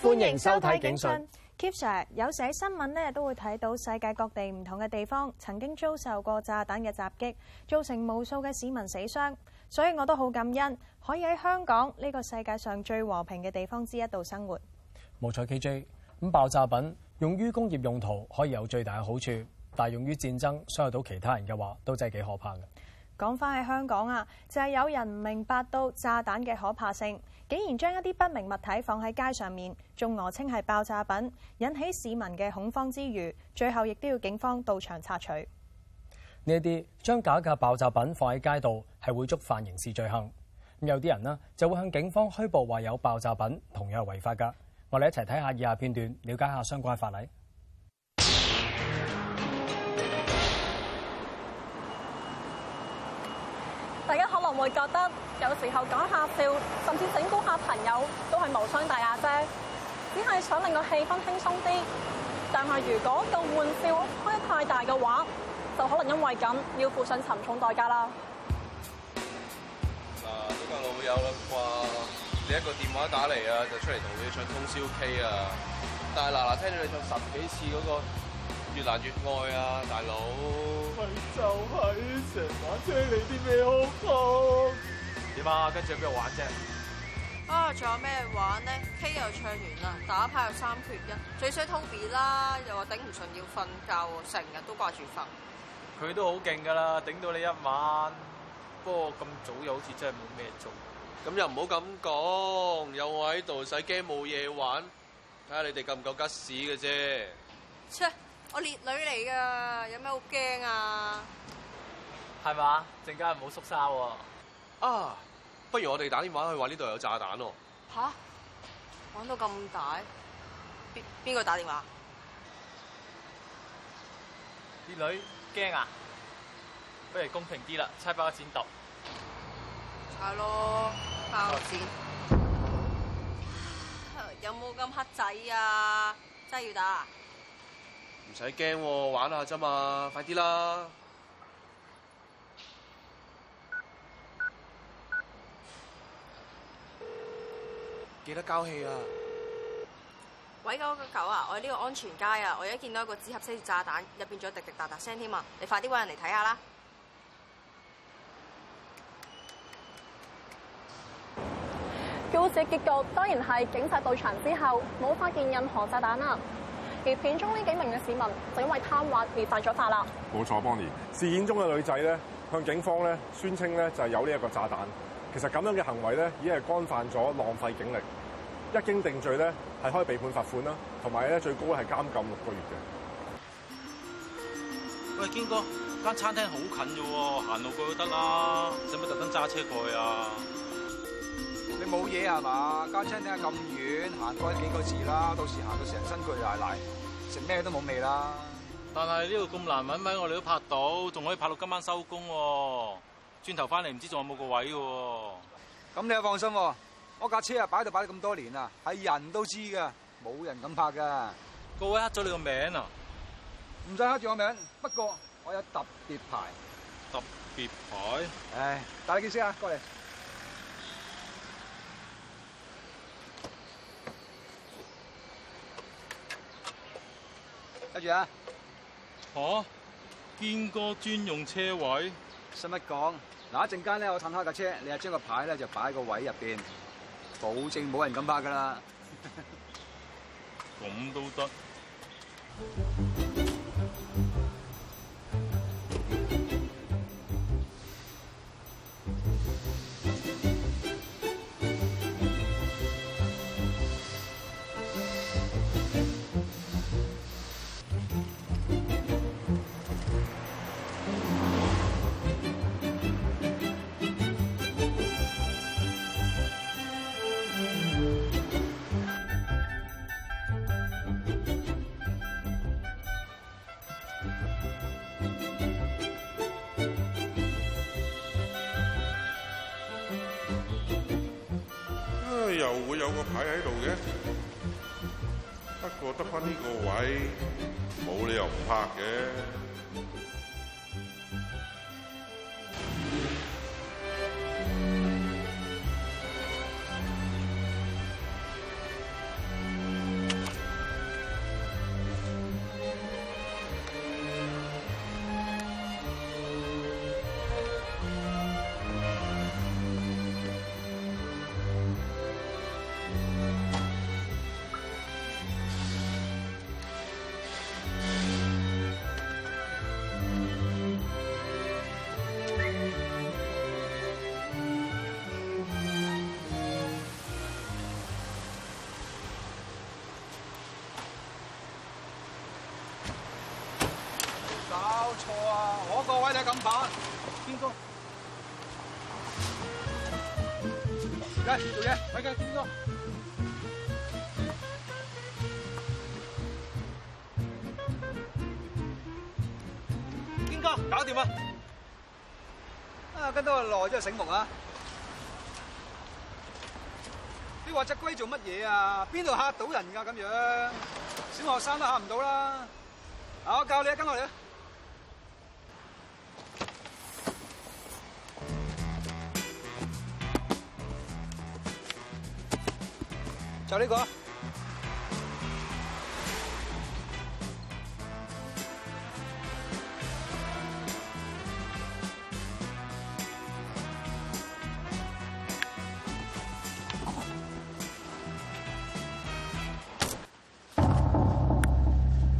歡迎收睇警訊。Kisha 有寫新聞咧，都會睇到世界各地唔同嘅地方曾經遭受過炸彈嘅襲擊，造成無數嘅市民死傷。所以我都好感恩，可以喺香港呢、這個世界上最和平嘅地方之一度生活。無彩 k j 咁爆炸品用於工業用途可以有最大嘅好處，但用於戰爭傷害到其他人嘅話，都真係幾可怕。講翻喺香港啊，就係有人唔明白到炸彈嘅可怕性，竟然將一啲不明物體放喺街上面，仲訛稱係爆炸品，引起市民嘅恐慌之餘，最後亦都要警方到場拆除。呢一啲將假嘅爆炸品放喺街度，係會觸犯刑事罪行。咁有啲人呢，就會向警方虛報話有爆炸品，同樣係違法噶。我哋一齊睇下以下片段，了解下相關法例。大家可能會覺得有時候講下笑，甚至整蠱下朋友，都係無傷大雅啫，只係想令個氣氛輕鬆啲。但係如果個玩笑開得太大嘅話，就可能因為咁要付上沉重代價啦。嗱、啊，啲個老友啦啩，你一個電話打嚟啊，就出嚟同你唱通宵 K，但係啊，但係嗱嗱聽到你唱十幾次嗰、嗰個。越難越愛啊，大佬！咪就係成晚聽你啲咩好曲？點啊？跟住有咩玩啫？啊！仲有咩玩咧？K 又唱完啦，打牌又三缺一，最衰 Toby 啦，又話頂唔順要瞓覺，成日都掛住瞓。佢都好勁噶啦，頂到你一晚。不過咁早又好似真係冇咩做，咁又唔好咁講，有我喺度，使驚冇嘢玩？睇下你哋夠唔夠吉屎嘅啫。切！我烈女嚟噶，有咩好驚啊？係嘛，陣間唔好縮沙喎、啊。啊，不如我哋打電話去話呢度有炸彈喎、啊！吓、啊，玩到咁大，邊個個打電話？烈女驚啊？不如公平啲啦，猜包剪揼。係、啊、咯，包剪、啊啊。有冇咁黑仔啊？真係要打啊？唔使驚，玩下啫嘛！快啲啦！記得交氣啊！喂，狗狗啊，我喺呢個安全街啊，我而家見到一個紙盒塞住炸彈，入邊仲滴滴答答聲添啊！你快啲揾人嚟睇下啦！故事結局當然係警察到場之後，冇發現任何炸彈啊！而片中呢幾名嘅市民就因為貪玩而犯咗法啦。冇錯，Bonnie，事件中嘅女仔咧向警方咧宣稱咧就係有呢一個炸彈。其實咁樣嘅行為咧已經係干犯咗浪費警力。一經定罪咧係可以被判罰款啦，同埋咧最高咧係監禁六個月嘅。喂，堅哥，間餐廳好近啫，行路過去都得啦，使乜特登揸車過去啊？你冇嘢啊嘛？架車點解咁遠？行多幾個字啦，到時行到成身攰奶，食咩都冇味啦。但係呢度咁難搵位，我哋都拍到，仲可以拍到今晚收工，啊。轉頭翻嚟唔知仲有冇個位喎，啊。咁你又放心，啊，我架車啊擺度擺咗咁多年啊，係人都知噶，冇人敢拍噶。個位刻咗你個名啊？唔使刻住我名，不過我有特別牌。特別牌？唉，帶你見先啊，過嚟。住啊，嚇、啊，堅哥專用車位，使乜講？嗱，一陣間咧，我駛開架車，你啊將個牌咧就擺喺個位入邊，保證冇人敢泊噶啦。咁都得。喺度嘅，不過得翻呢個位，冇理由唔拍嘅。咁快，堅哥？而家做嘢，唔該，堅哥？堅哥？搞掂啦！啊，跟到我耐啫，醒目啊！你話隻龜做乜嘢啊？邊度嚇到人噶咁樣？小學生都嚇唔到啦！啊，我教你啊，跟我嚟啦！就呢個，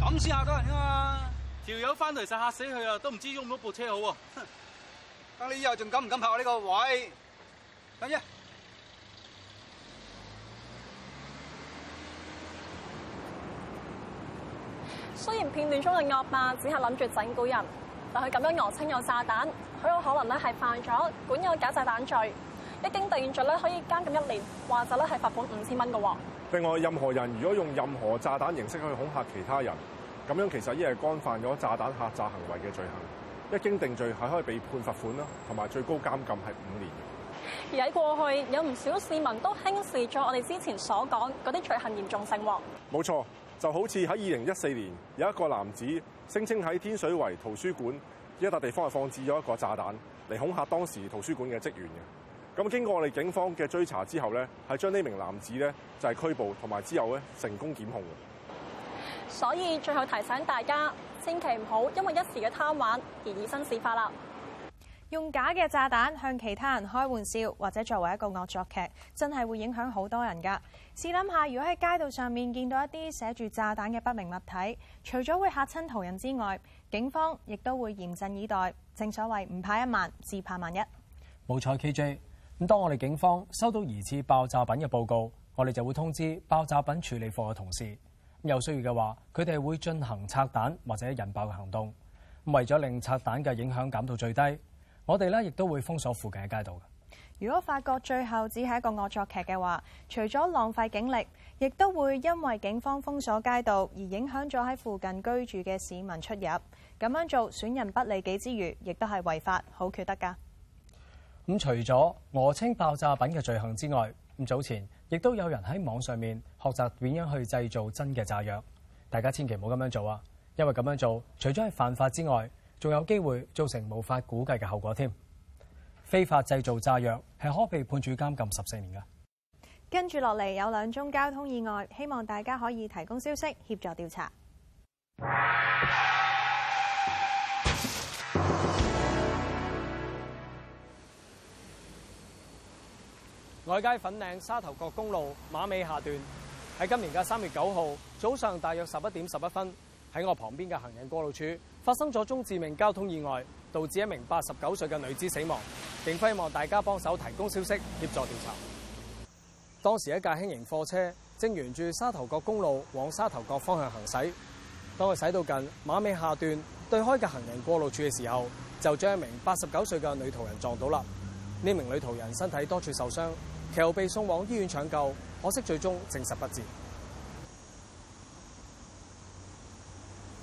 咁先嚇到人啊嘛！條友返嚟就嚇死佢啦，都唔知用唔用部車好喎。哼，等你以後仲敢唔敢拍我呢個位？等陣。亂中嘅惡霸只係諗住整蠱人，但佢咁樣訛稱有炸彈，好有可能咧係犯咗管有假炸彈罪。一經定罪咧，可以監禁一年，或者咧係罰款五千蚊嘅。另外，任何人如果用任何炸彈形式去恐嚇其他人，咁樣其實已經係干犯咗炸彈嚇詐行為嘅罪行。一經定罪係可以被判罰款啦，同埋最高監禁係五年。而喺過去，有唔少市民都輕視咗我哋之前所講嗰啲罪行嚴重性。冇錯。就好似喺二零一四年，有一個男子聲稱喺天水圍圖書館一笪地方係放置咗一個炸彈嚟恐嚇當時圖書館嘅職員嘅。咁經過我哋警方嘅追查之後呢，係將呢名男子呢就係拘捕，同埋之後呢成功檢控嘅。所以最後提醒大家，千祈唔好因為一時嘅貪玩而以身試法啦。用假嘅炸彈向其他人開玩笑，或者作為一個惡作劇，真係會影響好多人噶。試諗下，如果喺街道上面見到一啲寫住炸彈嘅不明物體，除咗會吓親途人之外，警方亦都會嚴陣以待。正所謂唔怕一萬只怕萬一冇錯。K J 咁，當我哋警方收到疑似爆炸品嘅報告，我哋就會通知爆炸品處理課嘅同事。有需要嘅話，佢哋會進行拆彈或者引爆嘅行動，為咗令拆彈嘅影響減到最低。我哋呢亦都會封鎖附近嘅街道嘅。如果發覺最後只係一個惡作劇嘅話，除咗浪費警力，亦都會因為警方封鎖街道而影響咗喺附近居住嘅市民出入。咁樣做損人不利己之餘，亦都係違法，好缺德噶。咁除咗訛稱爆炸品嘅罪行之外，咁早前亦都有人喺網上面學習點樣去製造真嘅炸藥。大家千祈唔好咁樣做啊！因為咁樣做，除咗係犯法之外，仲有機會造成無法估計嘅後果添。非法製造炸藥係可被判處監禁十四年㗎。跟住落嚟有兩宗交通意外，希望大家可以提供消息協助調查。外街粉嶺沙頭角公路馬尾下段，喺今年嘅三月九號早上大約十一點十一分。喺我旁邊嘅行人過路處發生咗宗致命交通意外，導致一名八十九歲嘅女子死亡。警方希望大家幫手提供消息，協助調查。當時一架輕型貨車正沿住沙頭角公路往沙頭角方向行駛，當佢駛到近馬尾下段對開嘅行人過路處嘅時候，就將一名八十九歲嘅女途人撞到啦。呢名女途人身體多處受傷，其後被送往醫院搶救，可惜最終證實不治。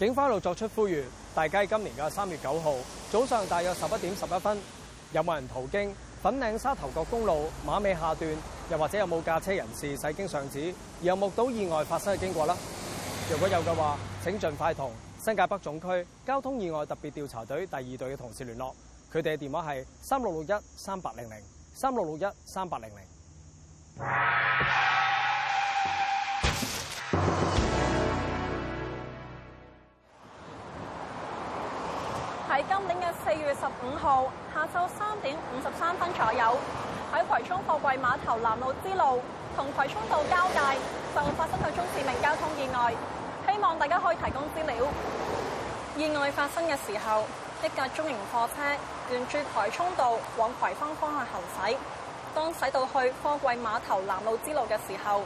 警花路作出呼籲，大家今年嘅三月九號早上大約十一點十一分，有冇人途經粉嶺沙頭角公路馬尾下段？又或者有冇駕車人士駛經上址，而有目睹意外發生嘅經過啦？如果有嘅話，請盡快同新界北總區交通意外特別調查隊第二隊嘅同事聯絡，佢哋嘅電話係三六六一三八零零三六六一三八零零。今年嘅四月十五號下晝三點五十三分左右，喺葵涌貨櫃碼頭南路支路同葵涌道交界就發生咗宗致命交通意外。希望大家可以提供資料。意外發生嘅時候，一架中型貨車沿住葵涌道往葵芳方,方向行駛，當駛到去貨櫃碼頭南路支路嘅時候，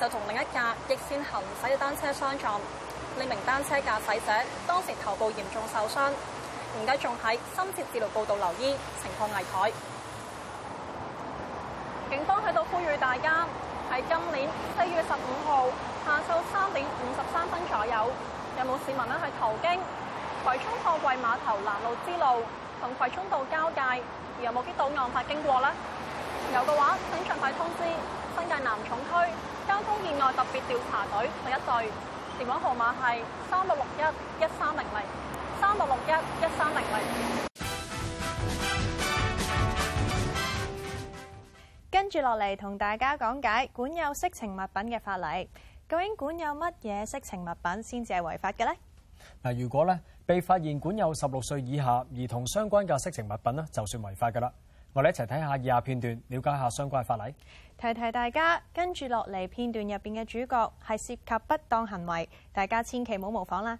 就同另一架逆線行駛嘅單車相撞，呢名單車駕駛者當時頭部嚴重受傷。而家仲喺《深切治療報道》留醫情況危殆。警方喺度呼籲大家：喺今年四月十五號下晝三點五十三分左右，有冇市民咧去途經葵涌貨櫃碼頭南路支路同葵涌道交界？而有冇見到案發經過呢？有嘅話，請盡快通知新界南重區交通意外特別調查隊第一隊，電話號碼係三六六一一三零零。一一三零零，跟住落嚟同大家講解管有色情物品嘅法例。究竟管有乜嘢色情物品先至係違法嘅呢？嗱，如果咧被發現管有十六歲以下兒童相關嘅色情物品咧，就算違法噶啦。我哋一齊睇下以下片段，了解下相關法例。提提大家，跟住落嚟片段入邊嘅主角係涉及不當行為，大家千祈唔好模仿啦。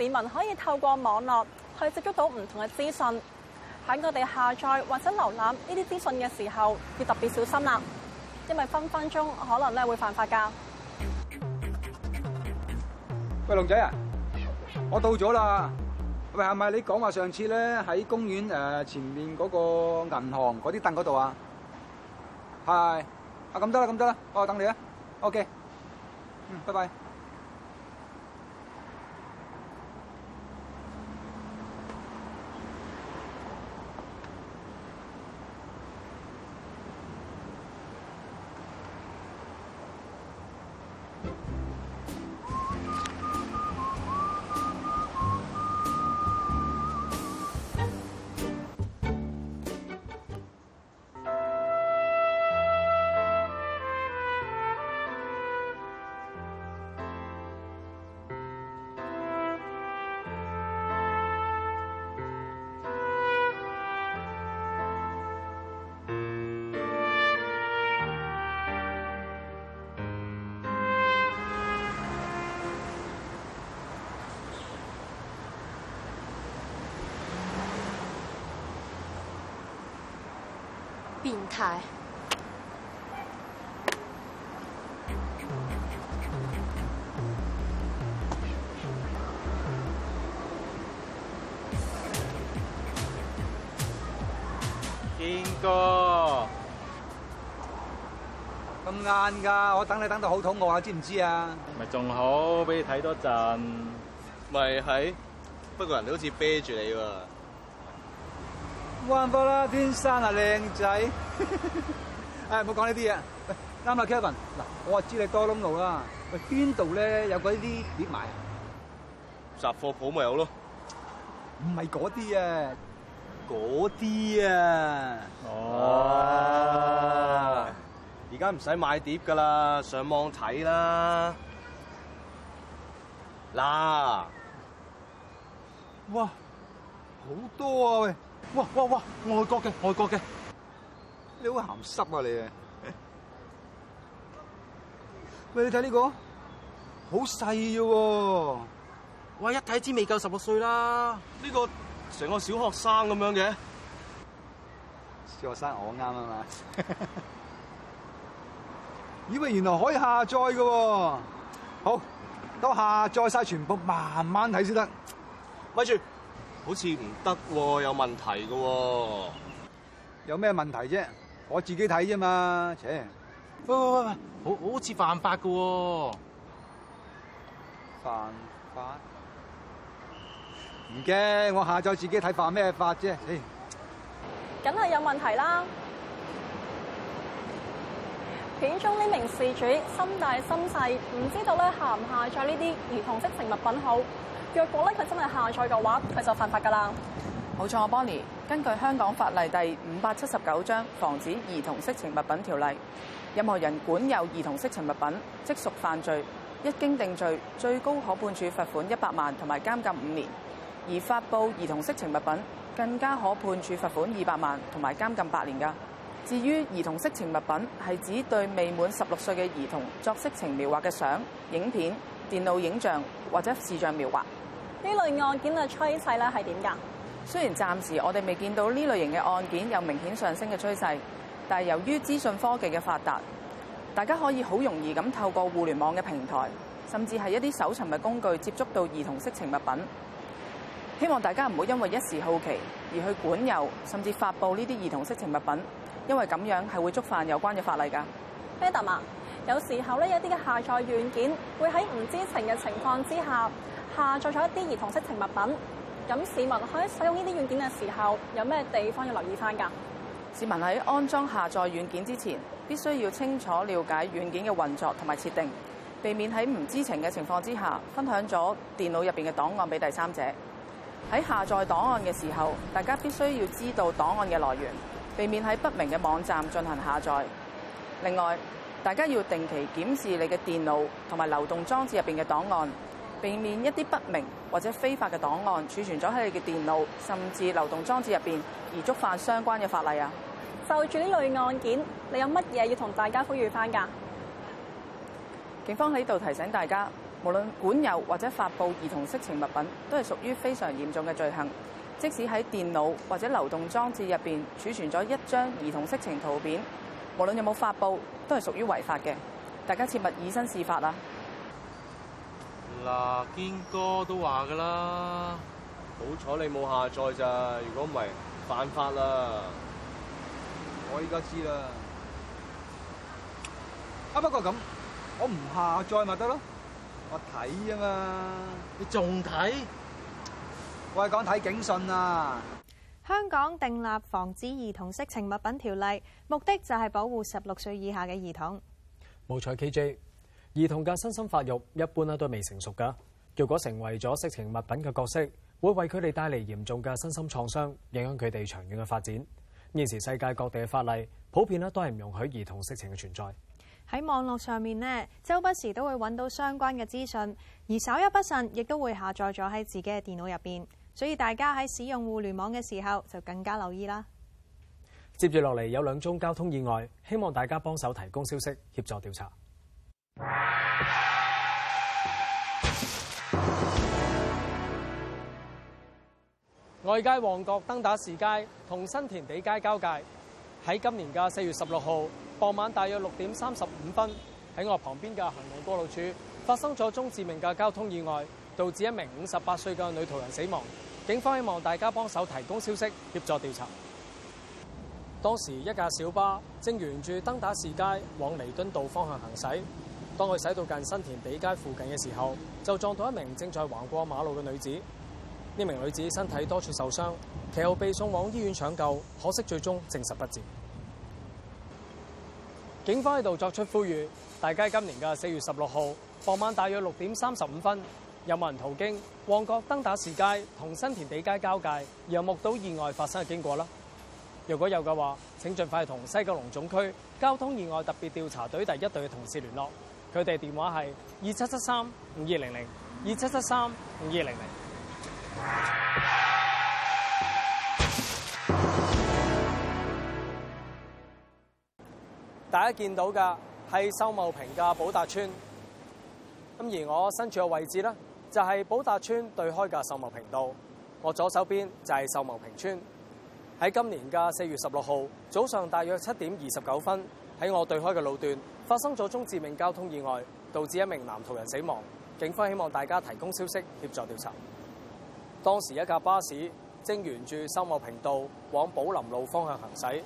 市民可以透過網絡去接觸到唔同嘅資訊，喺我哋下載或者瀏覽呢啲資訊嘅時候，要特別小心啦，因為分分鐘可能咧會犯法㗎。喂，龍仔啊，我到咗啦。喂，係咪你講話上次咧喺公園誒前面嗰個銀行嗰啲凳嗰度啊？係，啊咁得啦，咁得啦，我等你啊。OK，嗯，拜拜。第五，咁晏噶，我等你等到好肚餓啊，知唔知啊？咪仲好，俾你睇多陣，咪係，不過人哋好似啤住你喎。冇辦法啦，天生啊靚仔，誒唔好講呢啲嘢。喂，啱啦，Kevin，嗱我話知你多窿路啦，喂，邊度咧有嗰啲碟賣啊？雜貨鋪咪有咯。唔係嗰啲啊，嗰啲啊。哦。而家唔使買碟㗎喇，上網睇啦。嗱，哇，好多啊喂！哇哇哇！外國嘅，外國嘅，你好鹹濕啊你！ 喂，你睇呢個，好細嘅喎，哇一睇知未夠十六歲啦，呢個成個小學生咁樣嘅，小學生我啱啊嘛，咦 喂原來可以下載嘅，好，都下載晒全部慢慢看，慢慢睇先得，咪住。好似唔得喎，有問題嘅喎、哦。有咩問題啫？我自己睇啫嘛，切！喂喂喂，好，好似犯法嘅喎、哦。犯法？唔驚，我下載自己睇犯咩法啫。梗係有問題啦。片中呢名事主心大心細，唔知道咧下唔下載呢啲兒童色情物品好。若果咧，佢真係下載嘅話，佢就犯法噶啦。冇錯，Bonnie，根據香港法例第五百七十九章《防止兒童色情物品條例》，任何人管有兒童色情物品，即屬犯罪，一經定罪，最高可判處罰款一百萬同埋監禁五年；而發布兒童色情物品，更加可判處罰款二百萬同埋監禁八年㗎。至於兒童色情物品係指對未滿十六歲嘅兒童作色情描畫嘅相、影片、電腦影像或者視像描畫。呢類案件嘅趨勢咧係點㗎？雖然暫時我哋未見到呢類型嘅案件有明顯上升嘅趨勢，但係由於資訊科技嘅發達，大家可以好容易咁透過互聯網嘅平台，甚至係一啲搜尋嘅工具，接觸到兒童色情物品。希望大家唔好因為一時好奇而去管有，甚至發布呢啲兒童色情物品，因為咁樣係會觸犯有關嘅法例㗎。誒，Madam，有時候咧一啲嘅下載軟件會喺唔知情嘅情況之下。下載咗一啲兒童色情物品，咁市民可以使用呢啲軟件嘅時候，有咩地方要留意翻㗎？市民喺安裝下載軟件之前，必須要清楚了解軟件嘅運作同埋設定，避免喺唔知情嘅情況之下分享咗電腦入面嘅檔案俾第三者。喺下載檔案嘅時候，大家必須要知道檔案嘅來源，避免喺不明嘅網站進行下載。另外，大家要定期檢視你嘅電腦同埋流動裝置入面嘅檔案。避免一啲不明或者非法嘅檔案儲存咗喺你嘅電腦甚至流動裝置入邊，而觸犯相關嘅法例啊！就住呢類案件，你有乜嘢要同大家呼籲翻㗎？警方喺度提醒大家，無論管有或者發布兒童色情物品，都係屬於非常嚴重嘅罪行。即使喺電腦或者流動裝置入邊儲存咗一張兒童色情圖片，無論有冇發布，都係屬於違法嘅。大家切勿以身試法啊！嗱，堅哥都話㗎啦，好彩你冇下載咋，如果唔係犯法啦。我依家知啦，啊不過咁，我唔下載咪得咯，我睇啊嘛，你仲睇？我係講睇警訊啊。香港訂立防止兒童色情物品條例，目的就係保護十六歲以下嘅兒童。冇錯 KJ。KJ 兒童嘅身心發育一般啦，都未成熟㗎。若果成為咗色情物品嘅角色，會為佢哋帶嚟嚴重嘅身心創傷，影響佢哋長遠嘅發展。現時世界各地嘅法例普遍啦，都係唔容許兒童色情嘅存在。喺網絡上面呢，周不時都會揾到相關嘅資訊，而稍一不慎，亦都會下載咗喺自己嘅電腦入邊。所以大家喺使用互聯網嘅時候，就更加留意啦。接住落嚟有兩宗交通意外，希望大家幫手提供消息，協助調查。外街旺角登打士街同新田地街交界，喺今年嘅四月十六號傍晚大約六點三十五分，喺我旁邊嘅行人過路處發生咗宗致命嘅交通意外，導致一名五十八歲嘅女途人死亡。警方希望大家幫手提供消息，協助調查。當時一架小巴正沿住登打士街往彌敦道方向行駛。當佢駛到近新田地街附近嘅時候，就撞到一名正在橫過馬路嘅女子。呢名女子身體多處受傷，其後被送往醫院搶救，可惜最終證實不治。警方喺度作出呼籲，大家今年嘅四月十六號傍晚大約六點三十五分有冇人途經旺角登打士街同新田地街交界，又目睹意外發生嘅經過啦？如果有嘅話，請盡快同西九龍總區交通意外特別調查隊第一隊嘅同事聯絡。佢哋電話係二七七三五二零零，二七七三五二零零。大家見到嘅係秀茂坪嘅寶達邨。咁而我身處嘅位置咧，就係寶達邨對開嘅秀茂坪道，我左手邊就係秀茂坪村。喺今年嘅四月十六號早上，大約七點二十九分，喺我對開嘅路段發生咗宗致命交通意外，導致一名男途人死亡。警方希望大家提供消息協助調查。當時一架巴士正沿住修茂坪道往寶林路方向行駛，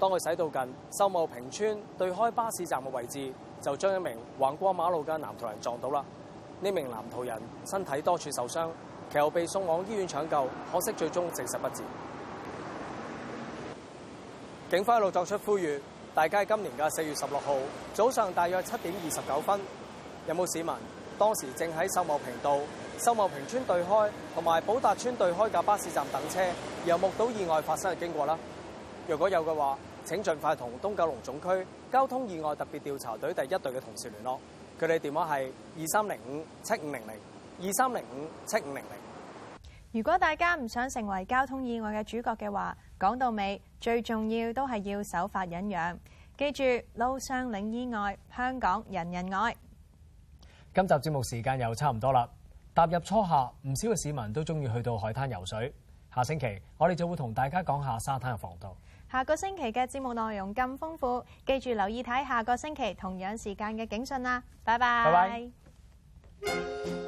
當佢駛到近修茂坪村對開巴士站嘅位置，就將一名橫過馬路嘅男途人撞到啦。呢名男途人身體多處受傷，其後被送往醫院搶救，可惜最終證實不治。警方一路作出呼籲，大家今年嘅四月十六號早上，大約七點二十九分，有冇市民當時正喺秀茂坪道、秀茂坪村對開同埋寶達村對開嘅巴士站等車而有目睹意外發生嘅經過啦？如果有嘅話請盡快同東九龍總區交通意外特別調查隊第一隊嘅同事聯絡，佢哋電話係二三零五七五零零二三零五七五零零。如果大家唔想成為交通意外嘅主角嘅話，講到尾最重要都係要守法忍讓。記住，路上零意外，香港人人愛。今集節目時間又差唔多啦。踏入初夏，唔少嘅市民都中意去到海灘游水。下星期我哋就會同大家講下沙灘嘅防盜。下個星期嘅節目內容咁豐富，記住留意睇下個星期同樣時間嘅警訊啦。拜拜。Bye bye。